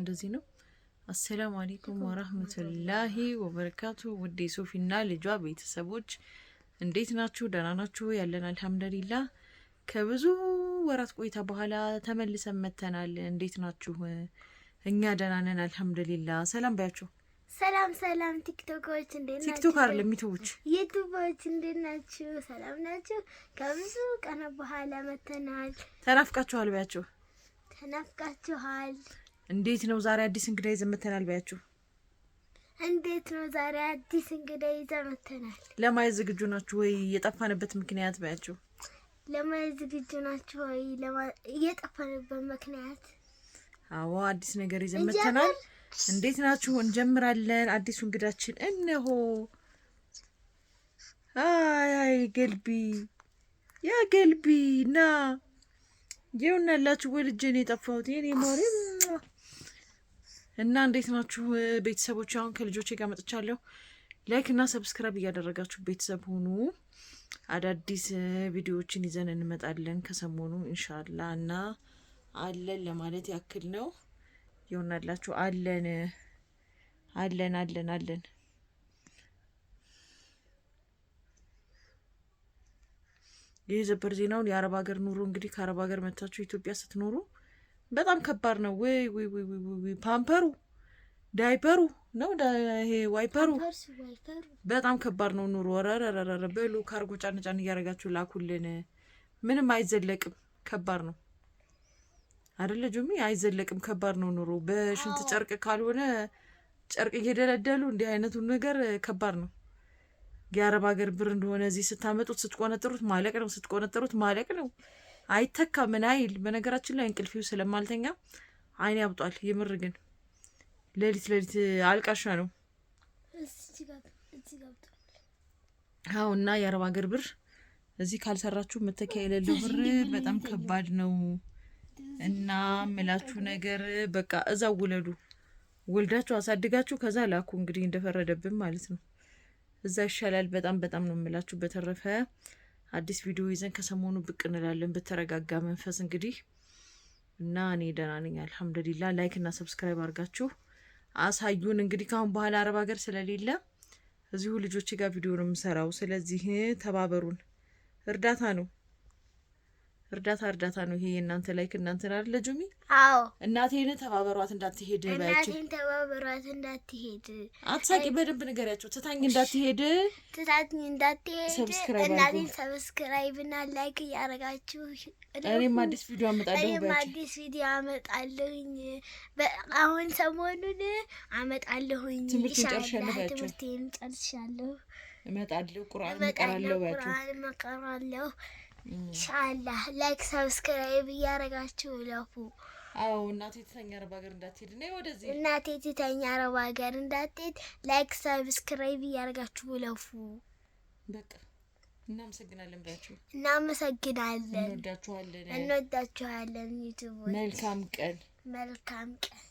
እንደዚህ ነው። አሰላሙ አሌይኩም ወራህመቱላሂ ወበረካቱ። ውዴ ሶፊና ልጇ ቤተሰቦች እንዴት ናችሁ? ደህና ናችሁ? ያለን አልሐምዱሊላ። ከብዙ ወራት ቆይታ በኋላ ተመልሰን መተናል። እንዴት ናችሁ? እኛ ደህና ነን አልሐምዱሊላ። ሰላም ባያችሁ። ሰላም ሰላም፣ ቲክቶኮች እንዴት ናችሁ? ቲክቶክ አይደለም ሚቱቦች፣ ዩቱቦች እንዴት ናችሁ? ሰላም ናችሁ? ከብዙ ቀን በኋላ መተናል። ተናፍቃችኋል ባያችሁ፣ ተናፍቃችኋል እንዴት ነው ዛሬ አዲስ እንግዳ ይዘመተናል ቢያችሁ? እንዴት ነው ዛሬ አዲስ እንግዳ ይዘመተናል ለማየት ዝግጁ ናችሁ ወይ? የጠፋንበት ምክንያት ቢያችሁ? ለማየት ዝግጁ ናችሁ ወይ? የጠፋንበት ምክንያት? አዎ አዲስ ነገር ይዘመተናል። እንዴት ናችሁ? እንጀምራለን። አዲሱ እንግዳችን እነሆ። አይ ገልቢ፣ ያ ገልቢ ና የውናላችሁ ወይ ልጄን የጠፋሁት የኔ ማርያም እና እንዴት ናችሁ ቤተሰቦች? አሁን ከልጆቼ ጋር መጥቻለሁ። ላይክ እና ሰብስክራይብ እያደረጋችሁ ቤተሰብ ሆኑ። አዳዲስ ቪዲዮዎችን ይዘን እንመጣለን ከሰሞኑ እንሻላ እና አለን ለማለት ያክል ነው ይሆናላችሁ። አለን አለን አለን አለን ይህ ዘበር ዜናውን የአረብ ሀገር ኑሮ እንግዲህ ከአረብ ሀገር መጥታችሁ ኢትዮጵያ ስትኖሩ በጣም ከባድ ነው። ወይ ወይ ወይ ወይ ፓምፐሩ ዳይፐሩ ነው ይሄ ዋይፐሩ በጣም ከባድ ነው ኑሮ። ረረረረ በሉ ካርጎ ጫን ጫን እያደረጋችሁ ላኩልን። ምንም አይዘለቅም፣ ከባድ ነው አደለ ጆሚ? አይዘለቅም፣ ከባድ ነው ኑሮ። በሽንት ጨርቅ ካልሆነ ጨርቅ እየደለደሉ እንዲህ አይነቱ ነገር ከባድ ነው። የአረብ ሀገር ብር እንደሆነ እዚህ ስታመጡት ስትቆነጥሩት ማለቅ ነው፣ ስትቆነጥሩት ማለቅ ነው። አይተካ ምን አይል። በነገራችን ላይ እንቅልፊው ስለማልተኛ አይን ያብጧል። የምር ግን ሌሊት ሌሊት አልቃሻ ነው። አዎ እና የአረብ ሀገር ብር እዚህ ካልሰራችሁ መተኪያ የሌለው ብር በጣም ከባድ ነው። እና ምላችሁ ነገር በቃ እዛ ውለዱ፣ ወልዳችሁ አሳድጋችሁ ከዛ ላኩ። እንግዲህ እንደፈረደብን ማለት ነው። እዛ ይሻላል። በጣም በጣም ነው ምላችሁ። በተረፈ አዲስ ቪዲዮ ይዘን ከሰሞኑ ብቅ እንላለን። በተረጋጋ መንፈስ እንግዲህ እና እኔ ደህና ነኝ አልሐምዱሊላ። ላይክ እና ሰብስክራይብ አድርጋችሁ አሳዩን። እንግዲህ ከአሁን በኋላ አረብ ሀገር ስለሌለ እዚሁ ልጆች ጋር ቪዲዮ ነው የምሰራው። ስለዚህ ተባበሩን፣ እርዳታ ነው። እርዳታ እርዳታ ነው ይሄ የእናንተ ላይክ እናንተ አለ ጁሚ አዎ እናቴን ተባበሯት እንዳትሄድ ባያቸው እናቴን ተባበሯት እንዳትሄድ አትሳቂ በደንብ ንገሪያቸው ትታኝ እንዳትሄድ ትታኝ እንዳትሄድ ሰብስክራይብ እናቴን ሰብስክራይብ እና ላይክ እያደረጋችሁ እኔም አዲስ ቪዲዮ አመጣለሁ እኔም አዲስ ቪዲዮ አመጣለሁኝ አሁን ሰሞኑን አመጣለሁኝ ትምህርትን ጨርሻለሁ ትምህርቴን ጨርሻለሁ እመጣለሁ ቁርአን እቀራለሁ ባያቸው ቁርአን እቀራለሁ ኢንሻአላህ ላይክ ሰብስክራይብ እያረጋችሁ ለፉ። አዎ እናቴ ትተኛ አረብ ሀገር እንዳትሄድ ነው ወደዚህ። እናቴ ትተኛ አረብ ሀገር እንዳትሄድ ላይክ ሰብስክራይብ እያረጋችሁ ለፉ። በቃ እናመሰግናለን ብላችሁ እናመሰግናለን። እንወዳችኋለን፣ እንወዳችኋለን። ዩቲዩብ መልካም ቀን፣ መልካም ቀን